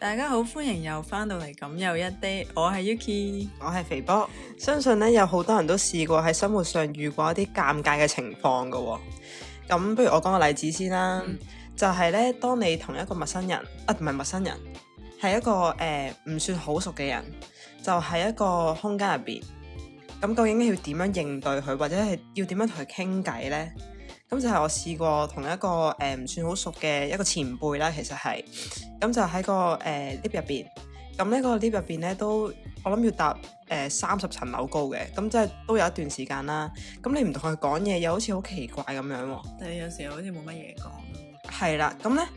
大家好，歡迎又翻到嚟咁又一 day，我係 Yuki，我係肥波。相信咧有好多人都試過喺生活上遇過一啲尷尬嘅情況嘅，哦，咁不如我講個例子先啦，嗯，就係咧當你同一個陌生人，啊唔係陌生人，係一個誒呃，唔算好熟嘅人，就喺、是、一個空間入邊，咁究竟要點樣應對佢，或者係要點樣同佢傾偈呢？咁就係我試過同一個誒唔、呃、算好熟嘅一個前輩啦，其實係咁就喺個誒 lift 入邊，咁、呃、呢個 lift 入邊咧都我諗要搭誒三十層樓高嘅，咁即係都有一段時間啦。咁你唔同佢講嘢，又好似好奇怪咁樣喎。但係有時候好似冇乜嘢講。係啦，咁咧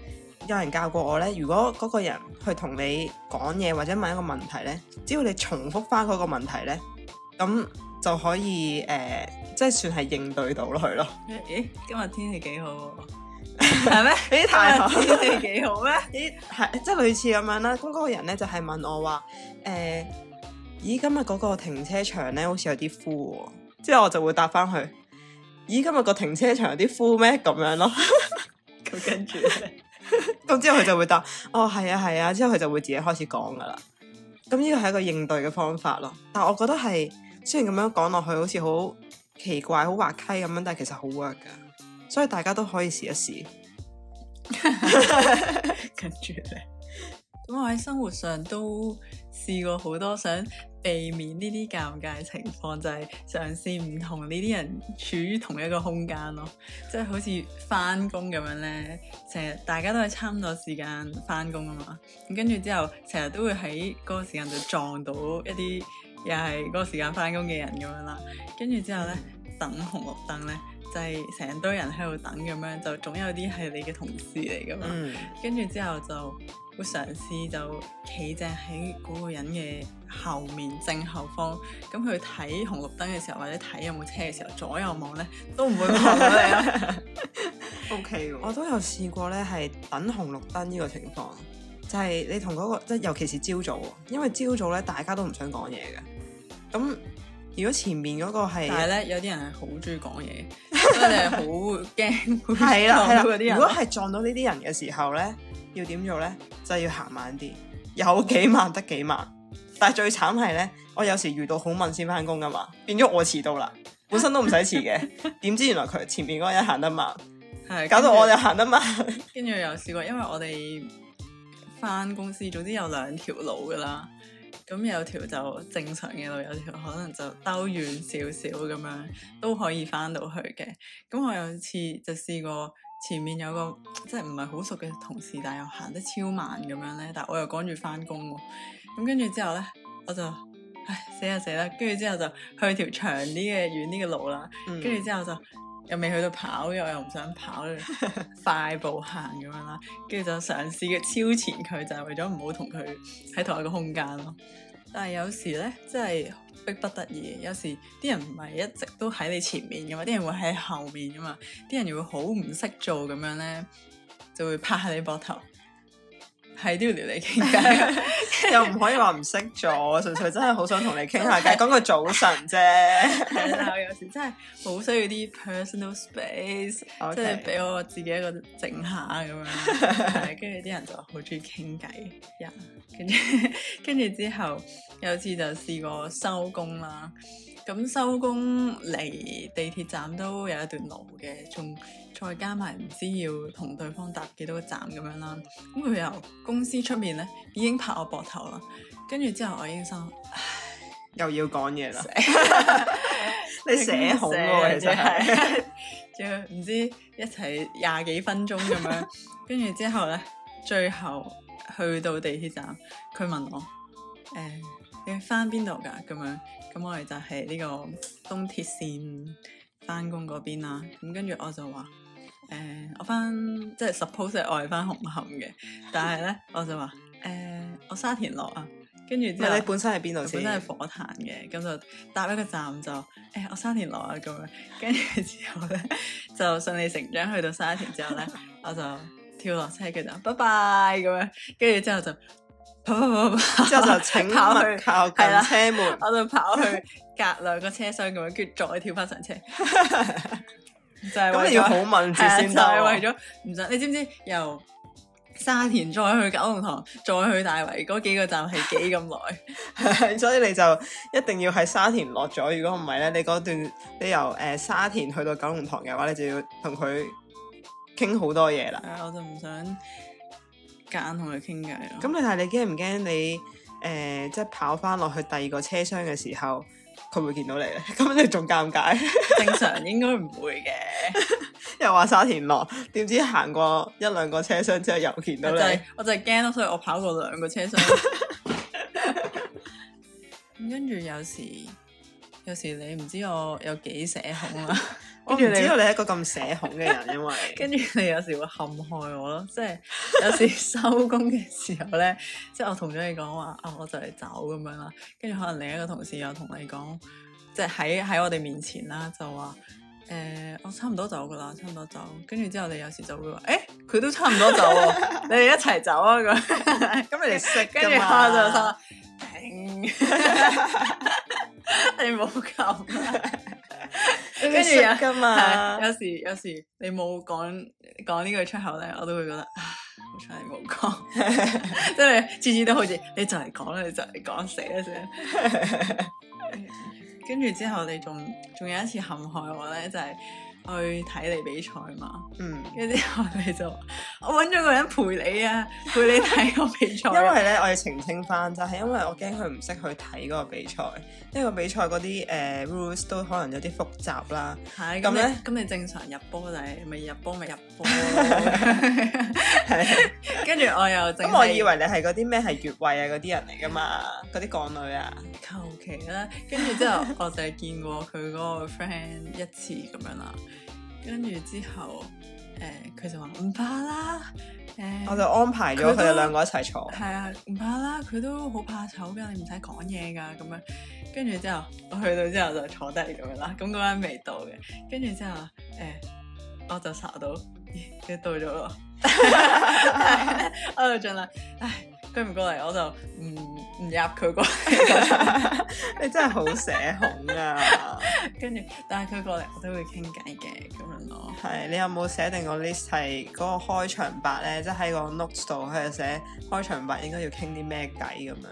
有人教過我咧，如果嗰個人去同你講嘢或者問一個問題咧，只要你重複翻嗰個問題咧，咁，就可以誒、呃，即係算係應對到佢咯。咦，今日天氣幾好，係咩？咦，太陽天氣幾好咩？咦，係即係類似咁樣啦。咁嗰個人咧就係問我話誒，咦，今日嗰個停車場咧好似有啲 full，哦，之後我就會答翻佢，咦，今日個停車場有啲 full 咩？咁樣咯。咁 跟住咧呢，咁 之後佢就會答， 哦，係啊，係啊，啊，啊，之後佢就會自己開始講噶啦。咁呢個係一個應對嘅方法咯，但係我覺得係。雖然咁樣講落去好似好奇怪、好滑稽咁樣，但係其實好 work 噶，所以大家都可以試一試。跟住咧，咁 我喺生活上都試過好多想避免呢啲尷尬嘅情況，就係嘗試唔同呢啲人處於同一個空間咯，即係好似翻工咁樣咧，成日大家都係差唔多時間翻工啊嘛，咁跟住之後成日都會喺嗰個時間就撞到一啲。又係嗰個時間翻工嘅人咁樣啦，跟住之後咧，等紅綠燈咧就係成堆人喺度等咁樣，就總有啲係你嘅同事嚟噶嘛。跟住、嗯、之後就會嘗試就企正喺嗰個人嘅後面正後方，咁佢睇紅綠燈嘅時候或者睇有冇車嘅時候左右望咧都唔會望到你，啊。 OK，我都有試過咧，係等紅綠燈呢個情況，就係你同嗰個即係尤其是朝早，因為朝早咧大家都唔想講嘢嘅。咁如果前面嗰個係，但係咧有啲人係好中意講嘢，真係好驚會撞到嗰啲人。 如果係撞到呢啲人嘅時候咧，要點做咧？就係要行慢啲，有幾慢得幾慢。但係最慘係咧，我有時遇到好慢先翻工噶嘛，變咗我遲到啦。本身都唔使遲嘅，點 知原來佢前面嗰個人行得慢，係搞到我又行得慢。跟住又試過，因為我哋翻公司，總之有兩條路噶啦。咁有條就正常嘅路，有條可能就兜遠少少咁樣都可以翻到去嘅。咁我有次就試過前面有個即係唔係好熟嘅同事，但係又行得超慢咁樣咧，但我又趕住翻工喎。咁跟住之後咧，我就唉死啊死啦！跟住之後就去條長啲嘅遠啲嘅路啦。跟住、嗯、之後就。又未去到跑，又又唔想跑，快步行咁樣啦，跟住 就嘗試嘅超前佢，就係為咗唔好同佢喺同一個空間咯。但係有時咧，真係逼不得已。有時啲人唔係一直都喺你前面嘅嘛，啲人會喺後面嘅嘛，啲人又會好唔識做咁樣咧，就會拍下你膊頭。係都要聊嚟傾偈，又唔可以話唔識咗， 純粹真係好想同你傾下偈，講個 早晨啫。 我有時真係好需要啲 personal space，即係俾我自己一個靜下咁樣。跟住啲人就好中意傾偈，跟住跟住之後有次就試過收工啦。咁收工嚟地鐵站都有一段路嘅，仲再加埋唔知要同對方搭幾多個站咁樣啦。咁佢由公司出面咧，已經拍我膊頭啦。跟住之後我已經心又要講嘢啦。你寫好耐真係，仲唔 知一齊廿幾分鐘咁樣。跟住 之後咧，最後去到地鐵站，佢問我誒。嗯你翻邊度噶咁樣？咁我哋就係呢個東鐵線翻工嗰邊啦。咁跟住我就話：誒、呃，我翻即係 suppose 係我係翻紅磡嘅，但係咧 我就話：誒、呃，我沙田落啊。跟住之後，你本身係邊度？本身係火炭嘅，咁就搭一個站就誒、欸，我沙田落啊咁樣。跟住之後咧， 就順理成章去到沙田之後咧， 我就跳落車，跟住就拜拜咁樣。跟住之後就。之後就請跑去靠近車門，我就跑去隔兩個車廂咁樣，跟住 再跳翻上車， 就係咁要好敏捷先，就係為咗唔想你知唔知由沙田再去九龍塘再去大圍嗰幾個站係幾咁耐， 所以你就一定要喺沙田落咗。如果唔係咧，你嗰段你由誒沙田去到九龍塘嘅話，你就要同佢傾好多嘢啦。 我就唔想。夾硬同佢傾偈咯。咁、啊、但係你驚唔驚？你、呃、誒，即係跑翻落去第二個車廂嘅時候，佢會，會見到你咧？咁你仲尷尬？ 正常應該唔會嘅。 又話沙田落，點知行過一兩個車廂之後又見到你？ 就是、我就係驚咯，所以我跑過兩個車廂。咁 跟住有時，有時你唔知我有幾社恐啊。 跟住你知道你係一個咁社恐嘅人，因為跟住你有時會陷害我咯，即係有時收工嘅時候咧， 即係我同咗你講話啊，我就嚟走咁樣啦。跟住可能另一個同事又同你講，即係喺喺我哋面前啦，就話誒、呃，我差唔多走噶啦，差唔多走。跟住之後你有時就會話，誒佢都差唔多走 你哋一齊走啊咁。咁你哋食，跟住 我就話，停， 你冇救。跟住有，係 有時有時你冇講講呢句出口咧，我都會覺得好彩，冇講，即係次次都好似你就嚟講啦，你就嚟講死啦先。跟住之後，你仲仲 有一次陷害我咧，就係、是。去睇你比賽嘛，嗯，跟住我哋就我揾咗個人陪你啊， 陪你睇個比賽。因為咧，我要澄清翻，就係、是、因為我驚佢唔識去睇嗰個比賽，因為個比賽嗰啲誒 rules 都可能有啲複雜啦。係咁咧，咁你，嗯、你，你正常入波就係、是、咪入波咪入波？係，跟住我又咁，我以為你係嗰啲咩係越位啊嗰啲人嚟噶嘛，嗰啲港女啊，求其啦，跟住之後我就係見過佢嗰個 friend 一次咁樣啦。跟住之後，誒、呃、佢就話唔怕啦，誒、呃、我就安排咗佢哋兩個一齊坐。係啊，唔怕啦，佢都好怕醜嘅，你唔使講嘢噶咁樣。跟住之後，我去到之後就坐低咁樣啦。咁嗰間未到嘅，跟住之後誒，我就坐到咦，你到咗， 我又上嚟，唉。佢唔過嚟我就唔唔入佢過嚟，你真係好社恐啊！ 跟住，但係佢過嚟我都會傾偈嘅咁樣咯。係你有冇寫定個 list 係嗰個開場白咧？即係喺個 notes 度佢就寫開場白應該要傾啲咩偈咁樣。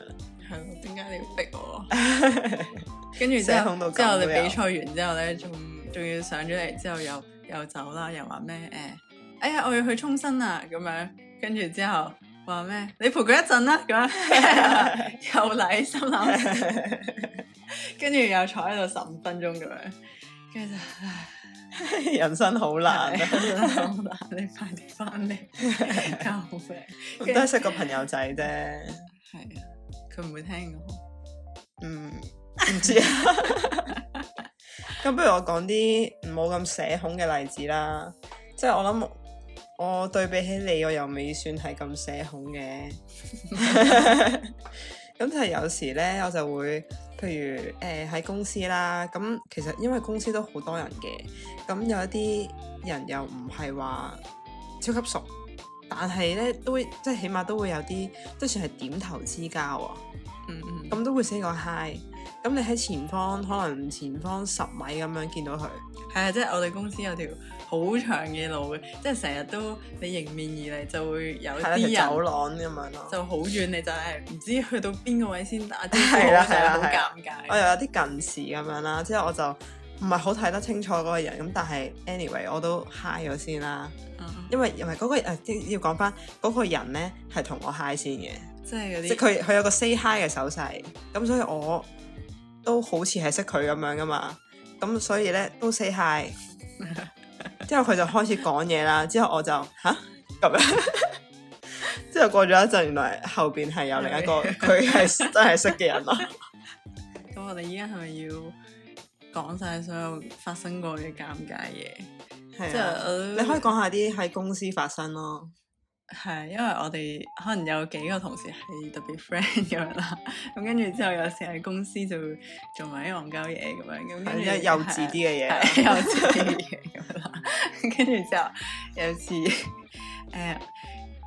係咯。點解你要逼我？跟住之後，之後你比賽完之後咧，仲仲要上咗嚟之後又又走啦，又話咩誒？哎呀，我要去沖身啊！咁樣跟住之後。話咩？你陪佢一陣啦，咁樣又禮心諗， 跟住又坐喺度十五分鐘咁樣，跟住就唉，人生好難啊！人生好難，你快啲翻嚟救命！都係識個朋友仔啫，係啊，佢唔會聽㗎，嗯，唔知啊。咁 不如我講啲唔好咁社恐嘅例子啦，即係我諗。我對比起你，我又未算係咁社恐嘅。咁 就係有時咧，我就會，譬如誒喺、呃、公司啦，咁其實因為公司都好多人嘅，咁有一啲人又唔係話超級熟，但係咧都即係起碼都會有啲，即算係點頭之交啊。嗯嗯，咁都會 say 個 hi。咁你喺前方、嗯、可能前方十米咁樣見到佢，係啊，即、就、係、是、我哋公司有條好長嘅路嘅，即係成日都你迎面而嚟就會有啲人走廊咁樣咯，嗯、就好遠、嗯、你就係唔知去到邊個位先得，啲我了就係好尷尬。我又有啲近視咁樣啦，之後我就唔係好睇得清楚嗰個人，咁但係 anyway 我都 high 咗先啦、嗯哼，因為因為嗰個誒、呃、要講翻嗰個人咧係同我 high 先嘅，即係嗰啲，即係佢佢有個 say high 嘅手勢，咁所以我。都好似係識佢咁樣噶嘛，咁所以咧都 say hi，之後佢就開始講嘢啦，之後我就吓咁樣， 之後過咗一陣，原來後邊係有另一個佢係真係識嘅人咯。咁 我哋依家係咪要講晒所有發生過嘅尷尬嘢？係 啊， 你可以講下啲喺公司發生咯。係，因為我哋可能有幾個同事係特別 friend 咁樣啦，咁 跟住之後有時喺公司就做埋啲戇鳩嘢咁樣，跟住幼稚啲嘅嘢，幼、嗯、 稚啲嘅嘢咁樣啦， 跟住之後有次誒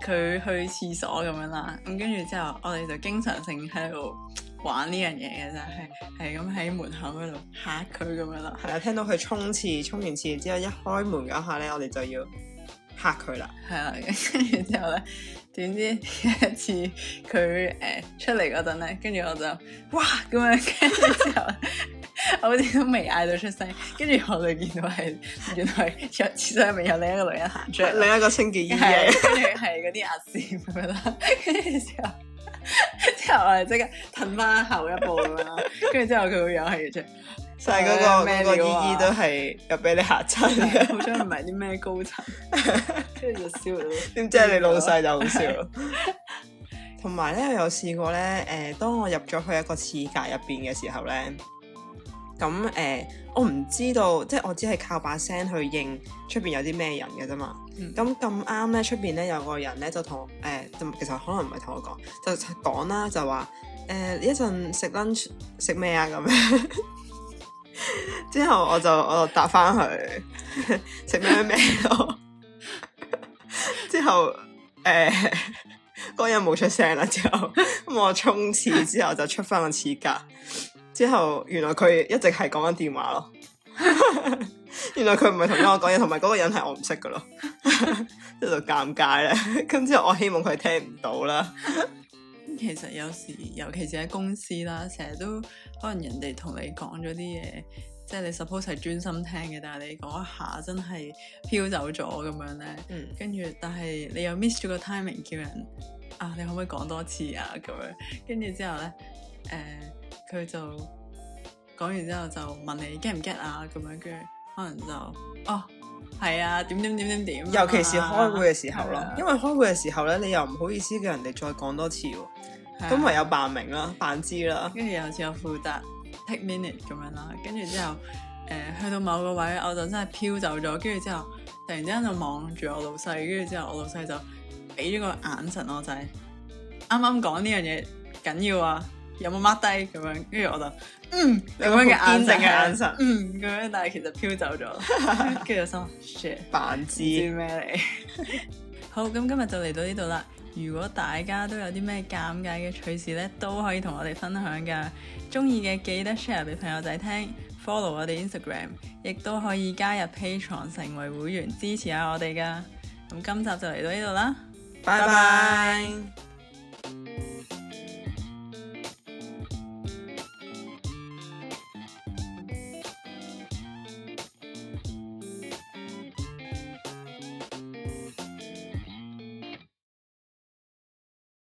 佢去廁所咁樣啦，咁跟住之後我哋就經常性喺度玩呢樣嘢嘅就係係咁喺門口嗰度嚇佢咁樣啦。係啊，聽到佢沖廁，沖完廁之後一開門嗰下咧，我哋就要，吓佢啦，係啊，跟住 之、呃、後咧，點知有一次佢誒出嚟嗰陣咧，跟住我就哇咁樣，跟住之後 我好似都未嗌到出聲，跟住我哋見到係原來入廁所入面有另一個女人行出嚟， 另一個清潔員，跟住係嗰啲阿師咁樣啦，跟住之後之後我哋即刻褪翻後一步咁樣，跟住之後佢又係完咗。細嗰、那個嗰個姨姨都係又俾你嚇親，好彩唔係啲咩高層，跟住就笑到點 知，知你老細就好笑。同埋咧，我有試過咧，誒，當我入咗去一個廁格入邊嘅時候咧，咁誒、呃，我唔知道，即係我只係靠把聲去應出邊有啲咩人嘅啫嘛。咁咁啱咧，出邊咧有個人咧就同誒、呃，其實可能唔係同我講，就講啦，就話誒、呃、一陣食 lunch 食咩啊咁樣。 之後我就我就答翻佢食咩咩咯， 之後誒嗰、欸、人冇出聲啦，之後咁我沖廁之後就出翻個廁格，之後原來佢一直係講緊電話咯， 原來佢唔係同我講嘢，同埋嗰個人係我唔識噶咯，即 係就尷尬咧，咁 之後我希望佢聽唔到啦。 其實有時，尤其是喺公司啦，成日都可能人哋同你講咗啲嘢，即係你 suppose 係專心聽嘅，但係你講一下真係飄走咗咁樣咧。嗯，跟住但係你又 miss 咗個 timing，叫人啊，你可唔可以講多次啊？咁樣，跟住之後咧，誒、呃，佢就講完之後就問你 get 唔 get 啊？咁樣，跟住可能就哦，係啊，點點點點點。尤其是開會嘅時候咯，啊、因為開會嘅時候咧、啊，你又唔好意思叫人哋再講多次喎。咁唯、嗯、有扮名啦，扮知啦，跟住有次我負責 take minute 咁樣啦，跟住之後誒、呃、去到某個位，我就真係飄走咗，跟住之後突然之間就望住我老細，跟住之後我老細就俾咗個眼神我就係啱啱講呢樣嘢緊要啊，有冇 mark 低咁樣，跟住我就嗯咁樣嘅堅定嘅眼神，嗯咁樣，但係其實飄走咗，跟住心話，shit，扮知咩嚟？ 好，咁今日就嚟到呢度啦。如果大家都有啲咩尷尬嘅趣事咧，都可以同我哋分享㗎。鍾意嘅記得 share 俾朋友仔聽 ，follow 我哋 Instagram，亦都可以加入 Patreon 成為會員支持下我哋㗎。咁今集就嚟到呢度啦，拜拜。